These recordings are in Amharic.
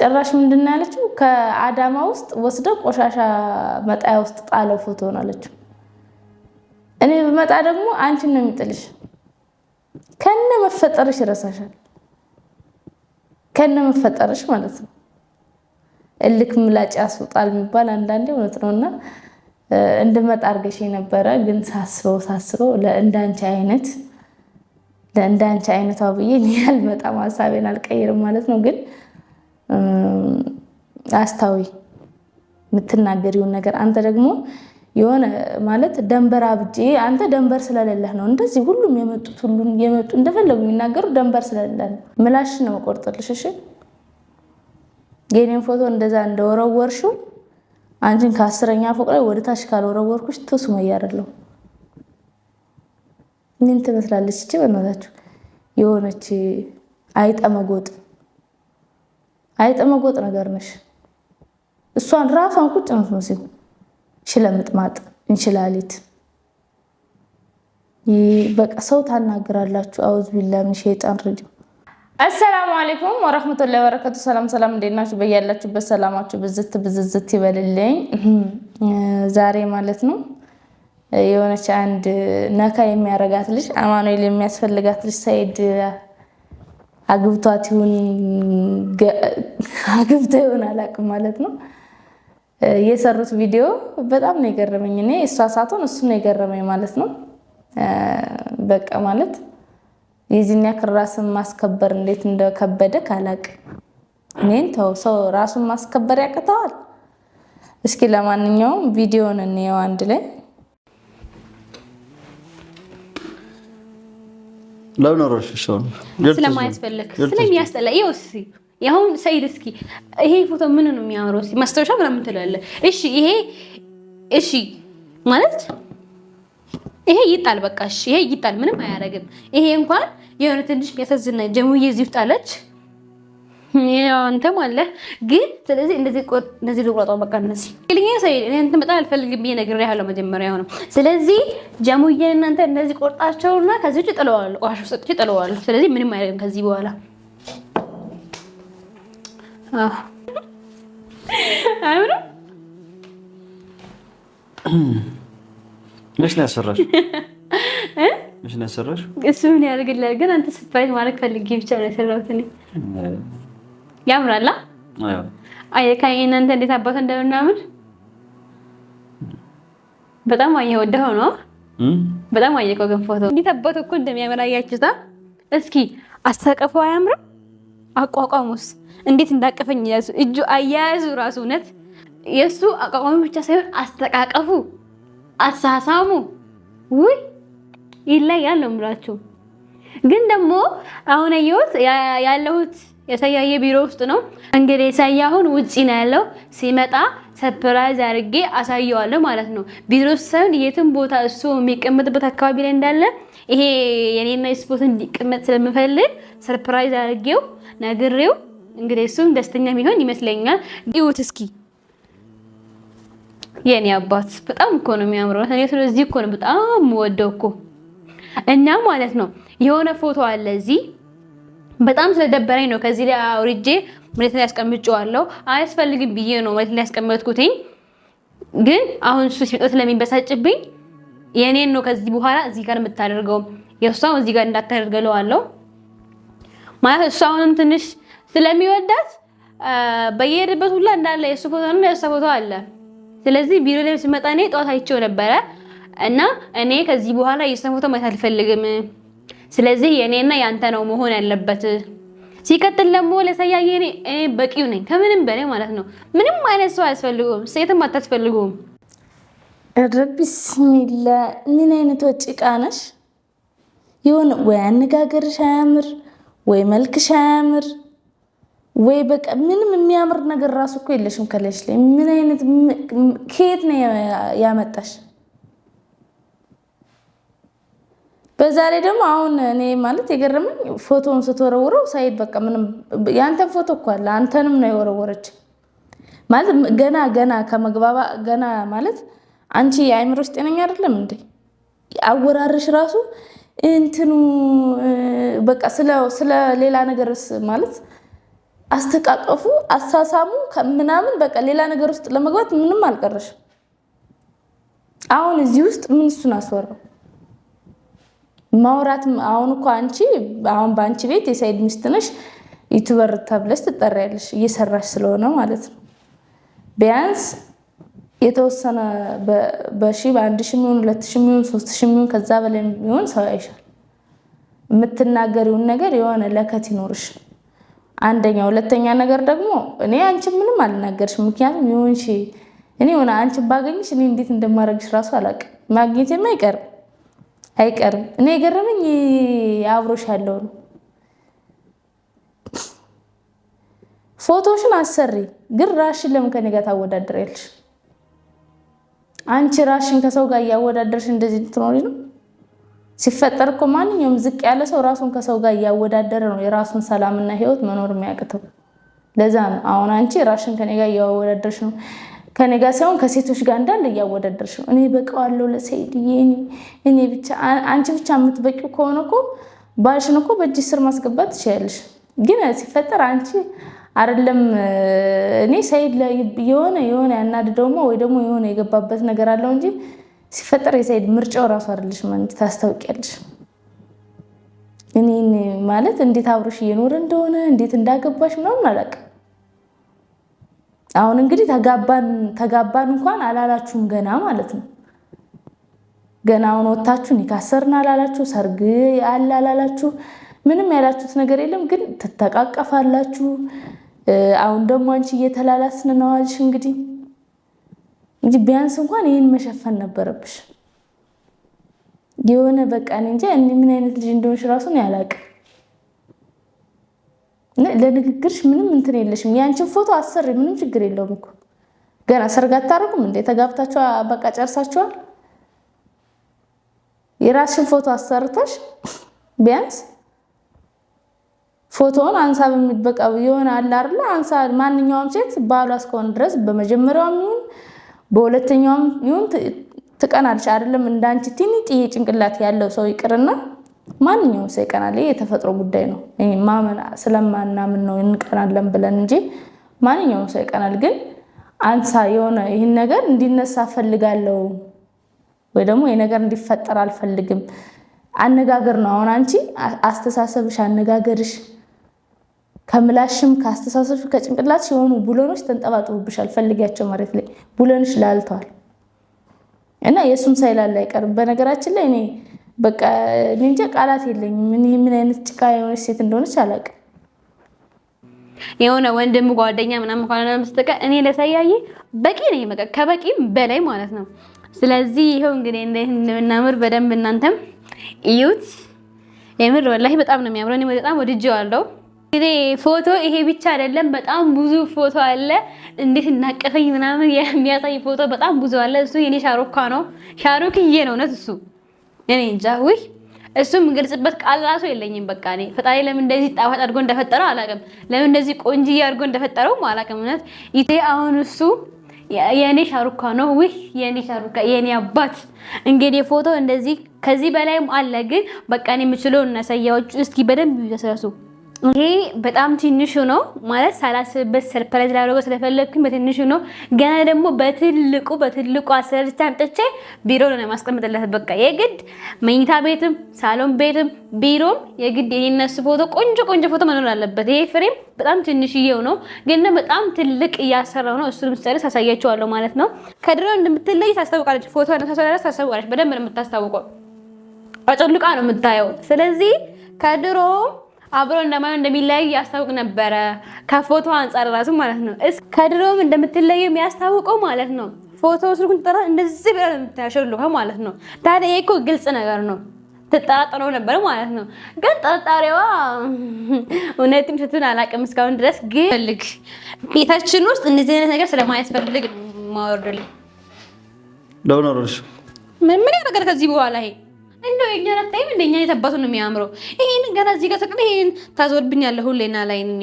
ጨራሽ ምንድን ያለችው ከአዳማ ውስጥ ወስደው ቆሻሻ መጣያ ውስጥ ጣለው ፎቶ ነው አለችው። እኔ ብመጣ ደግሞ አንቺን ነው የሚጥልሽ፣ ከነ መፈጠርሽ ይረሳሻል፣ ከነ መፈጠርሽ ማለት ነው። እልክ ምላጭ ያስወጣል የሚባል አንዳንዴ እውነት ነው። እና እንድመጣ አድርገሽ ነበረ፣ ግን ሳስበው ሳስበው ለእንዳንቺ አይነት ለእንዳንቺ አይነት ብዬ እኔ አልመጣም፣ ሀሳቤን አልቀይርም ማለት ነው ግን አስታዊ የምትናገሪውን ነገር አንተ ደግሞ የሆነ ማለት ደንበር አብጄ አንተ ደንበር ስለሌለህ ነው እንደዚህ ሁሉም የመጡት ሁሉም የመጡ እንደፈለጉ የሚናገሩ ደንበር ስለሌለ ነው። ምላሽ ነው ቆርጥልሽ። እሺ የኔን ፎቶ እንደዛ እንደወረወርሽው አንቺን ከአስረኛ ፎቅ ላይ ወደ ታች ካልወረወርኩሽ ሱመያ አይደለሁ። ምን ትመስላለች? እች በእናታችሁ የሆነች አይጠመጎጥ አይጠመጎጥ ነገር ነሽ። እሷን ራሷን ቁጭ ነው ትመስል ሽለምጥማጥ እንችላሊት በቃ ሰው ታናግራላችሁ። አውዝ ቢላ ምን ሸይጣን ረጅም። አሰላሙ አለይኩም ወረህመቱላሂ ወበረከቱ። ሰላም ሰላም፣ እንዴት ናችሁ? በያላችሁበት ሰላማችሁ ብዝት ብዝዝት ይበልልኝ። ዛሬ ማለት ነው የሆነች አንድ ነካ የሚያረጋት ልጅ አማኑኤል የሚያስፈልጋት ልጅ ሰይድ አግብቷት ይሁን አግብታ ይሁን አላውቅም ማለት ነው የሰሩት ቪዲዮ በጣም ነው የገረመኝ። እኔ እሷ ሳትሆን እሱ ነው የገረመኝ ማለት ነው። በቃ ማለት የዚህን ያክል ራስን ማስከበር እንዴት እንደከበደ ካላቅም እኔን ተው ሰው ራሱን ማስከበር ያቅተዋል። እስኪ ለማንኛውም ቪዲዮን እንየው አንድ ላይ ለምን ሰይድ እስኪ ይሄ ፎቶ ምን ነው የሚያምረው? እስኪ ማስታወሻ ምናምን ትላለህ። እሺ ይሄ እሺ ማለት ይሄ ይጣል፣ በቃ እሺ ይሄ ይጣል፣ ምንም አያደርግም። ይሄ እንኳን የሆነ ትንሽ የሚያሳዝን ጀሙዬ እዚህ ውስጥ አለች። አንተም አለ ግን ስለዚህ እንደዚህ እንደዚህ ልቁረጠው በቃ እነዚህ ልኛ እንትን በጣም አልፈልግም ብዬ ነግሬሃለሁ መጀመሪያ ሆነ። ስለዚህ ጀሙዬን እናንተ ቆርጣቸውና ከዚህ ውጭ ሰጥቼ ስለዚህ ምንም አይደለም ከዚህ በኋላ አምነው ነሽ ነው ያሰራሽ ነሽ ነው ያሰራሽ። እሱ ምን ያደርግልሃል ግን አንተ ስፋይት ማለት ፈልጌ ብቻ ነው የሰራሁት እኔ ያምራላ። አየካኝ ከእናንተ እንዴት አባት እንደምናምን በጣም አየ ወደው ነው በጣም አየቀው ግን ፎቶ እንዴት አባት እኮ እንደሚያምራ ያያችሁታ። እስኪ አስተቀፈው አያምርም? አቋቋሙስ እንዴት እንዳቀፈኝ ያዙ እጁ አያያዙ ራሱ እውነት የእሱ አቋቋሚ ብቻ ሳይሆን አስተቃቀፉ፣ አሳሳሙ ውይ ይለያል ነው የምላችሁ። ግን ደግሞ አሁን አየሁት ያለሁት የሰያዬ ቢሮ ውስጥ ነው። እንግዲህ የሰያ አሁን ውጪ ነው ያለው። ሲመጣ ሰርፕራይዝ አድርጌ አሳየዋለሁ ማለት ነው። ቢሮ ውስጥ ሳይሆን የትም ቦታ እሱ የሚቀመጥበት አካባቢ ላይ እንዳለ ይሄ የኔና ስፖት እንዲቀመጥ ስለምፈልግ ሰርፕራይዝ አድርጌው ነግሬው እንግዲህ እሱም ደስተኛ የሚሆን ይመስለኛል። ይሁት እስኪ የኔ አባት በጣም እኮ ነው የሚያምረው። እኔ ስለዚህ እኮ ነው በጣም ወደው እኮ እና ማለት ነው የሆነ ፎቶ አለ እዚህ በጣም ስለደበረኝ ነው ከዚህ ላይ አውርጄ መሬት ላይ ያስቀምጨዋለሁ። አያስፈልግም ብዬ ነው መሬት ላይ ያስቀመጥኩትኝ። ግን አሁን እሱ ሲመጣ ስለሚበሳጭብኝ የእኔን ነው ከዚህ በኋላ እዚህ ጋር የምታደርገው የእሷም እዚህ ጋር እንዳታደርገለዋለሁ። ማለት እሱ አሁንም ትንሽ ስለሚወዳት በየሄደበት ሁላ እንዳለ የእሱ ፎቶ ነው የእሷ ፎቶ አለ። ስለዚህ ቢሮ ላይ ሲመጣ እኔ ጠዋት አይቼው ነበረ እና እኔ ከዚህ በኋላ የእሱን ፎቶ ማየት አልፈልግም። ስለዚህ የእኔና ያንተ ነው መሆን ያለበት። ሲቀጥል ደግሞ ለሰያዬ እኔ በቂው ነኝ፣ ከምንም በላይ ማለት ነው። ምንም አይነት ሰው አያስፈልጉም፣ ሴትም አታስፈልጉም። ረቢስሚላ ምን አይነት ጭቃ ነሽ? የሆነ ወይ አነጋገርሽ አያምር፣ ወይ መልክሽ አያምር፣ ወይ በቃ ምንም የሚያምር ነገር ራሱ እኮ የለሽም ከለሽ ላይ ምን አይነት ከየት ነው ያመጣሽ? በዛሬ ደግሞ አሁን እኔ ማለት የገረመኝ ፎቶን ስትወረውረው ሳይድ በቃ ምንም የአንተን ፎቶ እኮ አለ አንተንም ነው የወረወረች። ማለት ገና ገና ከመግባባ ገና ማለት አንቺ ውስጥ ጤነኛ አይደለም እንዴ? አወራርሽ ራሱ እንትኑ በቃ ስለ ሌላ ነገር ማለት አስተቃቀፉ፣ አሳሳሙ ምናምን በቃ ሌላ ነገር ውስጥ ለመግባት ምንም አልቀረሽም። አሁን እዚህ ውስጥ ምን እሱን አስወራው ማውራት አሁን እኮ አንቺ አሁን በአንቺ ቤት የሳይድ ሚስት ነሽ፣ ዩቱበር ተብለሽ ትጠሪያለሽ እየሰራሽ ስለሆነ ማለት ነው። ቢያንስ የተወሰነ በሺ በአንድ ሺ የሚሆን ሁለት ሺ የሚሆን ሶስት ሺ የሚሆን ከዛ በላይ የሚሆን ሰው ያይሻል። የምትናገሪውን ነገር የሆነ ለከት ይኖርሽ አንደኛ። ሁለተኛ ነገር ደግሞ እኔ አንቺ ምንም አልናገርሽ፣ ምክንያቱም ይሁን እኔ ሆነ አንቺ ባገኝሽ እኔ እንዴት እንደማደርግሽ ራሱ አላውቅም። ማግኘቴም አይቀርም አይቀርም። እኔ የገረመኝ አብሮሽ ያለው ነው። ፎቶሽን አሰሪ ግን ራሽን ለምን ከኔ ጋር አንቺ ራሽን ከሰው ጋር እያወዳደርሽ እንደዚህ ትኖሪ ነው። ሲፈጠር እኮ ማንኛውም ዝቅ ያለ ሰው ራሱን ከሰው ጋር እያወዳደረ ነው የራሱን ሰላምና ሕይወት መኖር የሚያቅተው። ለዛ ነው አሁን አንቺ ራሽን ከኔ ጋር እያወዳደርሽ ነው። ከኔ ጋር ሳይሆን ከሴቶች ጋር እንዳለ እያወዳደርሽ ነው። እኔ በቀዋለሁ ለሰይድዬ፣ እኔ ብቻ አንቺ ብቻ የምትበቂው ከሆነ እኮ ባልሽን እኮ በእጅ ስር ማስገባት ትችላለች። ግን ሲፈጠር አንቺ አይደለም እኔ ሰይድ ላይ የሆነ የሆነ ያናድደውማ ወይ ደግሞ የሆነ የገባበት ነገር አለው እንጂ ሲፈጠር የሰይድ ምርጫው ራሱ አይደለሽ ማለት ታስታውቂያለሽ። እኔ ማለት እንዴት አብሮሽ እየኖረ እንደሆነ እንዴት እንዳገባሽ ምናምን አላውቅም። አሁን እንግዲህ ተጋባን ተጋባን እንኳን አላላችሁም ገና ማለት ነው። ገና አሁን ወታችሁ ይካሰርን አላላችሁ፣ ሰርግ አለ አላላችሁ፣ ምንም ያላችሁት ነገር የለም። ግን ትተቃቀፋላችሁ። አሁን ደግሞ አንቺ እየተላላስን ነው አልሽ። እንግዲህ እንጂ ቢያንስ እንኳን ይህን መሸፈን ነበረብሽ። የሆነ በቃ እኔ እንጃ ምን አይነት ልጅ እንደሆንሽ ራሱን ያላቅም ለንግግርሽ ምንም እንትን የለሽም። ያንቺን ፎቶ አሰሪ ምንም ችግር የለውም እኮ ገና ሰርግ አታረጉም እንዴ? ተጋብታችሁ በቃ ጨርሳችኋል። የራስሽን ፎቶ አሰርተሽ ቢያንስ ፎቶውን አንሳ በሚበቃ የሆነ አለ አይደለ? አንሳ ማንኛውም ሴት ባሏ እስከሆነ ድረስ በመጀመሪያውም ይሁን በሁለተኛውም ይሁን ትቀናለች። አይደለም እንዳንቺ ቲኒ ጥዬ ጭንቅላት ያለው ሰው ይቅርና ማንኛውም ሰው ይቀናል። የተፈጥሮ ጉዳይ ነው። ስለማናምን ነው እንቀናለን ብለን እንጂ ማንኛውም ሰው ይቀናል። ግን አንሳ የሆነ ይህን ነገር እንዲነሳ ፈልጋለው ወይ ደግሞ ይህ ነገር እንዲፈጠር አልፈልግም። አነጋገር ነው። አሁን አንቺ አስተሳሰብሽ፣ አነጋገርሽ ከምላሽም ከአስተሳሰብ ከጭንቅላት የሆኑ ቡለኖች ተንጠባጥቡብሽ አልፈልጊያቸው መሬት ላይ ቡለኖች ላልተዋል እና የእሱም ሳይላል አይቀርም። በነገራችን ላይ እኔ በቃ እኔ እንጃ ቃላት የለኝም። ምን አይነት ጭቃ የሆነች ሴት እንደሆነች አላውቅም። የሆነ ወንድም ጓደኛ ምናምን ከሆነ በስተቀር እኔ ለሰያዬ በቂ ነኝ፣ በቃ ከበቂም በላይ ማለት ነው። ስለዚህ ይኸው እንግዲህ እንዴት እንደምናምር በደንብ እናንተም እዩት። የምር ወላሂ በጣም ነው የሚያምረው። እኔ በጣም ወድጄዋለሁ። እንግዲህ ፎቶ ይሄ ብቻ አይደለም፣ በጣም ብዙ ፎቶ አለ። እንዴት እናቀፈኝ ምናምን የሚያሳይ ፎቶ በጣም ብዙ አለ። እሱ የኔ ሻሩካ ነው፣ ሻሩክዬ ነው እውነት እሱ እኔ እንጃ ውይ እሱም የምገልጽበት ቃል ራሱ የለኝም። በቃ እኔ ፈጣሪ ለምን እንደዚህ ጣፋጭ አድርጎ እንደፈጠረው አላውቅም። ለምን እንደዚህ ቆንጂ አድርጎ እንደፈጠረውም አላውቅም። እውነት ይቴ አሁን እሱ የእኔ ሻሩካ ነው። ውይ የእኔ ሻሩካ የእኔ አባት። እንግዲህ ፎቶ እንደዚህ ከዚህ በላይም አለ፣ ግን በቃ እኔ የምችለው እናሳያዎቹ እስኪ በደንብ ይደሰሱ። ይሄ በጣም ትንሹ ነው ማለት ሳላስብበት ሰርፕራይዝ ላደረገው ስለፈለግኩኝ በትንሹ ነው። ገና ደግሞ በትልቁ በትልቁ አሰርቼ አምጥቼ ቢሮ ነው የማስቀምጥለት። በቃ የግድ መኝታ ቤትም ሳሎን ቤትም ቢሮም የግድ የሚነሱ ፎቶ ቆንጆ ቆንጆ ፎቶ መኖር አለበት። ይሄ ፍሬም በጣም ትንሽዬው ነው ግን በጣም ትልቅ እያሰራው ነው። እሱንም ስጨርስ አሳያችኋለሁ ማለት ነው። ከድሮ እንደምትለይ ታስታውቃለች። ፎቶ ታስታውቃለች። በደንብ ነው የምታስታውቀው። አጨልቃ ነው የምታየው። ስለዚህ ከድሮም አብሮ እንደማየው እንደሚለያዩ ያስታውቅ ነበረ። ከፎቶ አንጻር ራሱ ማለት ነው። ከድሮም እንደምትለየው የሚያስታውቀው ማለት ነው። ፎቶ ስልኩን ጠራ እንደዚህ ብለ የምታሸልከው ማለት ነው። ታዲያ ይሄ እኮ ግልጽ ነገር ነው። ትጠራጠረው ነበር ማለት ነው። ግን ጠርጣሪዋ እውነትም ስቱን አላውቅም እስካሁን ድረስ ግን ፈልግ ቤታችን ውስጥ እንደዚህ አይነት ነገር ስለማያስፈልግ ማወርድል ለሆነ ምን ያደርጋል ከዚህ በኋላ ይሄ እንደው የእኛን አታይም? እንደኛ የታባቱ ነው የሚያምረው። ይሄን ገና እዚህ ጋር ተቀለ ይሄን ታዞርብኛለህ ሁሌና ላይ እኔ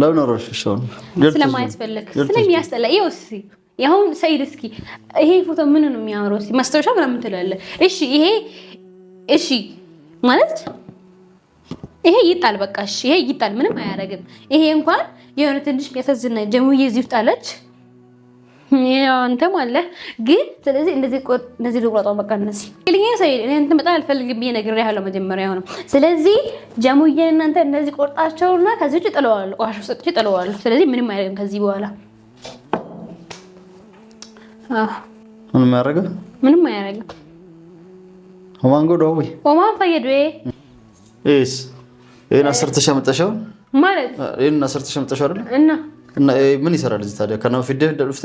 ለምን አሮሽ ሻውን ስለማያስፈልግ ስለሚያስጠላ ይኸው እስኪ ያሁን ሰይድ እስኪ ይሄ ፎቶ ምን ነው የሚያምረው? እስኪ ማስታወሻ ምናምን ትላለህ። እሺ ይሄ እሺ ማለት ይሄ ይጣል በቃ እሺ፣ ይሄ ይጣል ምንም አያደርግም። ይሄ እንኳን የሆነ ትንሽ የሚያሳዝን ጀሙዬ እዚህ ውስጥ አለች። አንተም አለ ግን ስለዚህ እንደዚህ ቆጥ እንደዚህ ልቁረጣው በቃ እነዚህ እንግዲህ ሰው እንትን በጣም አልፈልግም ብዬ ነገር ያለው መጀመሪያ ሆነ። ስለዚህ ጀሙዬ እናንተ እንደዚህ ቆርጣቸውና ከዚህ ውጭ ጥለዋለሁ፣ ቆሻሻ ውስጥ ጥለዋለሁ። ስለዚህ ምንም አይደለም ከዚህ በኋላ አህ ምንም አያደርግም፣ ምንም አያደርግም። ኦማን ጎዶ ወይ ኦማን ፈየድ ወይ እስ ይሄን አስር ማለት ይሄን አስር ተሸምጠሻው አይደል እና ምን ይሰራል እዚህ ታዲያ? ከና በፊት ደፍ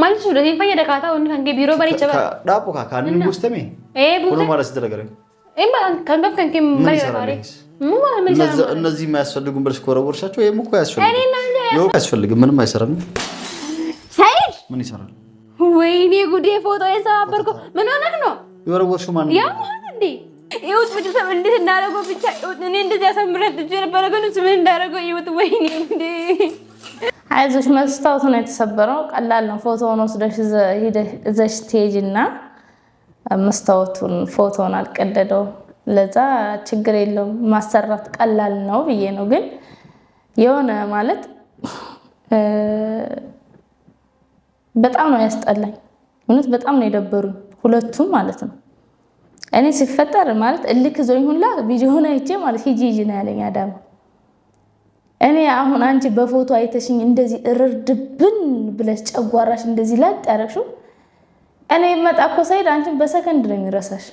ማለት ነው ደህን ፈየ ደካታ ወን ከንገ ቢሮ በሬ ቸባ ዳፖ ካ ካን ነው ማለት ተደረገ እነዚህ የማያስፈልጉን ብለሽ ከወረወርሻቸው ይሄም እኮ ያስፈልግ ምንም አይሰራም። ሰይድ ምን ይሰራል? ወይኔ ጉዴ! ፎቶ የሰባበርኩ ምን ሆነህ ነው የወረወርሽው? ማን ያ እንዴ ይሁት ብቻ እንዴት እንዳደረገው ብቻ እኔ እንደዚህ ያሳምረት ልጅ ነበረ ግን ምን እንዳደረገው ይሁት ወይኔ እንዴ አይዞሽ መስታወቱ ነው የተሰበረው። ቀላል ነው። ፎቶውን ወስደሽ እዘሽ እና መስታወቱን ፎቶውን አልቀደደው ለዛ ችግር የለውም። ማሰራት ቀላል ነው ብዬ ነው። ግን የሆነ ማለት በጣም ነው ያስጠላኝ። እውነት በጣም ነው የደበሩኝ ሁለቱም ማለት ነው። እኔ ሲፈጠር ማለት እልክ ዞኝ ሁላ ሆነ ይቼ ማለት ሂጂ ሂጂ ነው ያለኝ አዳማ እኔ አሁን አንቺ በፎቶ አይተሽኝ እንደዚህ እርርድብን ብለሽ ጨጓራሽ እንደዚህ ላጥ ያረግሽው እኔ መጣ እኮ ሳይድ አንቺን በሰከንድ ነው የሚረሳሽ።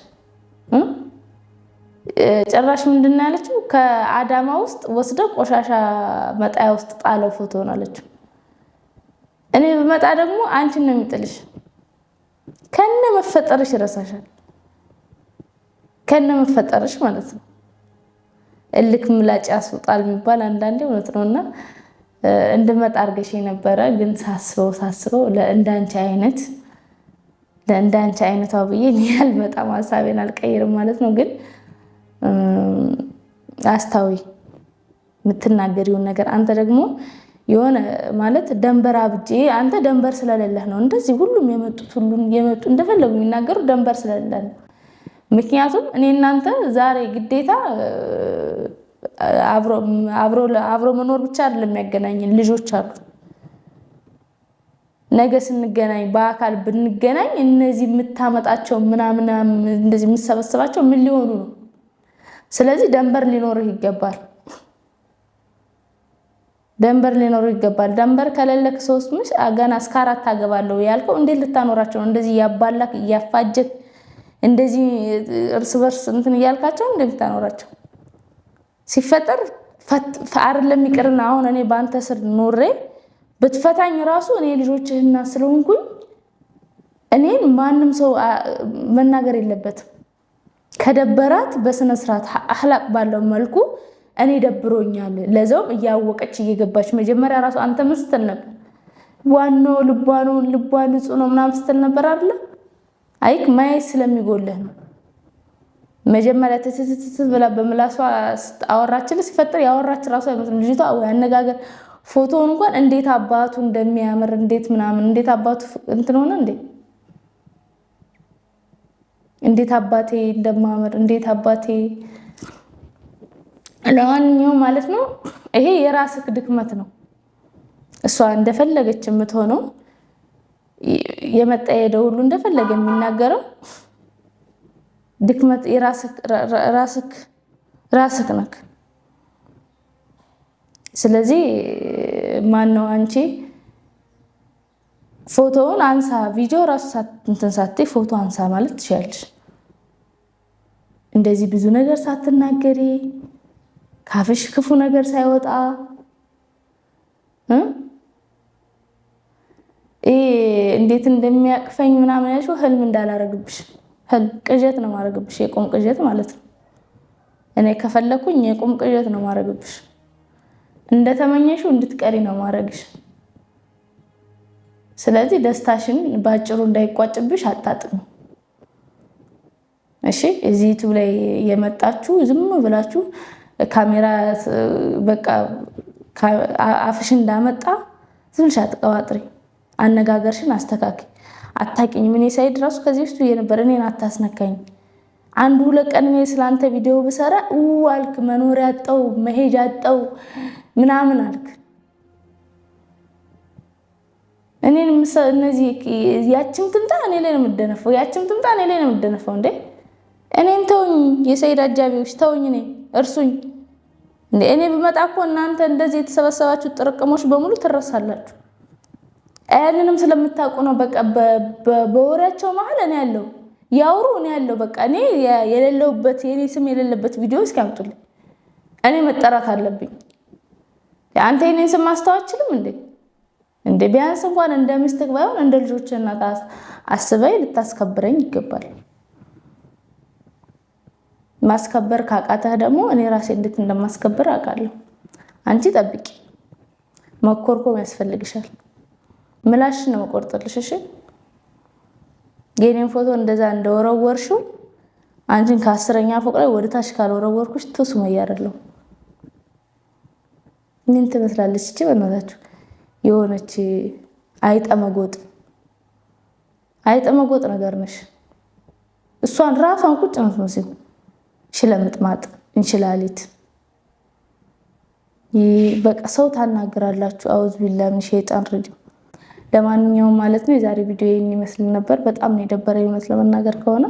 ጭራሽ ምንድን ያለችው? ከአዳማ ውስጥ ወስደ ቆሻሻ መጣያ ውስጥ ጣለው ፎቶ ነው አለችው። እኔ በመጣ ደግሞ አንቺን ነው የሚጥልሽ። ከነ መፈጠርሽ ይረሳሻል። ከነ መፈጠርሽ ማለት ነው። እልክ ምላጭ ያስወጣል የሚባል አንዳንዴ እውነት ነው እና እንድመጣ አድርገሽ ነበረ። ግን ሳስበው ሳስበው ለእንዳንቺ አይነት ለእንዳንቺ አይነቷ ብዬ ያል በጣም ሀሳቤን አልቀይርም ማለት ነው። ግን አስታዊ የምትናገሪውን ነገር አንተ ደግሞ የሆነ ማለት ደንበር አብጄ አንተ ደንበር ስለሌለህ ነው እንደዚህ ሁሉም የመጡት ሁሉም የመጡ እንደፈለጉ የሚናገሩት ደንበር ስለሌለህ ነው። ምክንያቱም እኔ እናንተ ዛሬ ግዴታ አብሮ መኖር ብቻ አይደለም የሚያገናኝን፣ ልጆች አሉ። ነገ ስንገናኝ በአካል ብንገናኝ እነዚህ የምታመጣቸው ምናምን እንደዚህ የምሰበሰባቸው ምን ሊሆኑ ነው? ስለዚህ ደንበር ሊኖርህ ይገባል። ደንበር ሊኖርህ ይገባል። ደንበር ከሌለ ሶስት ምሽ ገና እስከ አራት አገባለሁ ያልከው እንዴት ልታኖራቸው ነው? እንደዚህ እያባላክ እያፋጀክ እንደዚህ እርስ በርስ እንትን እያልካቸው እንደምታኖራቸው ሲፈጠር አይደለም ይቅርና አሁን እኔ በአንተ ስር ኖሬ ብትፈታኝ ራሱ እኔ ልጆችህና ስለሆንኩኝ እኔን ማንም ሰው መናገር የለበትም። ከደበራት በስነስርዓት አህላቅ ባለው መልኩ እኔ ደብሮኛል፣ ለዛውም እያወቀች እየገባች መጀመሪያ ራሱ አንተ ምን ስትል ነበር? ዋናው ልቧ ነው ልቧ ንጹህ ነው ምናምን ስትል ነበር አይደለም አይክ ማየት ስለሚጎልህ ነው። መጀመሪያ ትትትት ብላ በምላሷ አወራችን ሲፈጠር ያወራች ራሱ አይመስልም ልጅቷ አነጋገር ፎቶውን እንኳን እንዴት አባቱ እንደሚያምር እንዴት ምናምን እንዴት አባቱ እንትን ሆነ እንዴ እንዴት አባቴ እንደማምር እንዴት አባቴ። ለማንኛውም ማለት ነው ይሄ የራስህ ድክመት ነው። እሷ እንደፈለገች የምትሆነው የመጣ ሁሉ እንደፈለገ የሚናገረው ድክመት ራስክ ነክ። ስለዚህ ማን ነው አንቺ ፎቶውን አንሳ ቪዲዮ ራሱ እንትን ሳትይ ፎቶ አንሳ ማለት ትችላለሽ። እንደዚህ ብዙ ነገር ሳትናገሪ ካፍሽ ክፉ ነገር ሳይወጣ እንዴት እንደሚያቅፈኝ ምናምን ያልሽው ህልም እንዳላረግብሽ ህልም ቅዠት ነው ማረግብሽ፣ የቁም ቅዠት ማለት ነው። እኔ ከፈለኩኝ የቁም ቅዠት ነው ማረግብሽ። እንደተመኘሽው እንድትቀሪ ነው ማረግሽ። ስለዚህ ደስታሽን በአጭሩ እንዳይቋጭብሽ አጣጥም። እሺ፣ እዚህ ዩቱብ ላይ የመጣችሁ ዝም ብላችሁ ካሜራ በቃ አፍሽ እንዳመጣ ዝም ብልሽ አነጋገርሽን አስተካክ አታቂኝ ምን ሳይድ ራሱ ከዚህ ውስጥ ብዬሽ ነበር፣ እኔን አታስነካኝ። አንድ ሁለት ቀን እኔ ስለአንተ ቪዲዮ ብሰራ አልክ መኖሪያ አጣው መሄጃ አጣው ምናምን አልክ። እኔን እነዚህ ያችም ትምጣ እኔ ላይ ነው የምደነፈው፣ ያችም ትምጣ እኔ ላይ ነው የምደነፈው። እንዴ እኔን ተውኝ፣ የሰይድ አጃቢዎች ተውኝ፣ እኔ እርሱኝ። እኔ ብመጣ እኮ እናንተ እንደዚህ የተሰበሰባችሁ ጥርቅሞች በሙሉ ትረሳላችሁ። ያንንም ስለምታውቁ ነው። በቃ በወሬያቸው መሀል እኔ ያለው ያውሩ እኔ ያለው በቃ እኔ የሌለውበት የኔ ስም የሌለበት ቪዲዮ እስኪያምጡልኝ እኔ መጠራት አለብኝ። አንተ የኔን ስም አስተዋችልም እንዴ እንዴ ቢያንስ እንኳን እንደ ሚስትህ ባይሆን እንደ ልጆች እናት አስበኝ ልታስከብረኝ ይገባል። ማስከበር ካቃተህ ደግሞ እኔ ራሴ እንዴት እንደማስከበር አውቃለሁ። አንቺ ጠብቂ፣ መኮርኮም ያስፈልግሻል። ምላሽ ነው የምቆርጥልሽ። እሺ የኔን ፎቶ እንደዛ እንደወረወርሽው አንቺን ከአስረኛ ፎቅ ላይ ወደ ታች ካልወረወርኩሽ ትሱመ እያደለሁ ምን ትመስላለች እቺ? በእናታችሁ የሆነች አይጠመጎጥ አይጠመጎጥ ነገር ነሽ። እሷን ራሷን ቁጭ ነው ትመስል ሽለምጥማጥ እንሽላሊት በቃ ሰው ታናግራላችሁ። አውዝ ቢላ ምን ሸይጣን ረጅም ለማንኛውም ማለት ነው የዛሬ ቪዲዮ የሚመስል ነበር። በጣም ነው የደበረ እውነት ለመናገር ከሆነ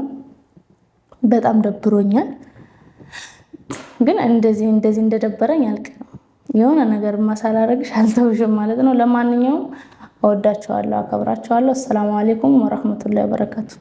በጣም ደብሮኛል። ግን እንደዚህ እንደዚህ እንደደበረኝ አልቅ ነው የሆነ ነገር ማሳላረግሽ አልተውሽም ማለት ነው። ለማንኛውም እወዳቸዋለሁ፣ አከብራቸዋለሁ። አሰላሙ አሌይኩም ወረህመቱላሂ ወበረካቱ።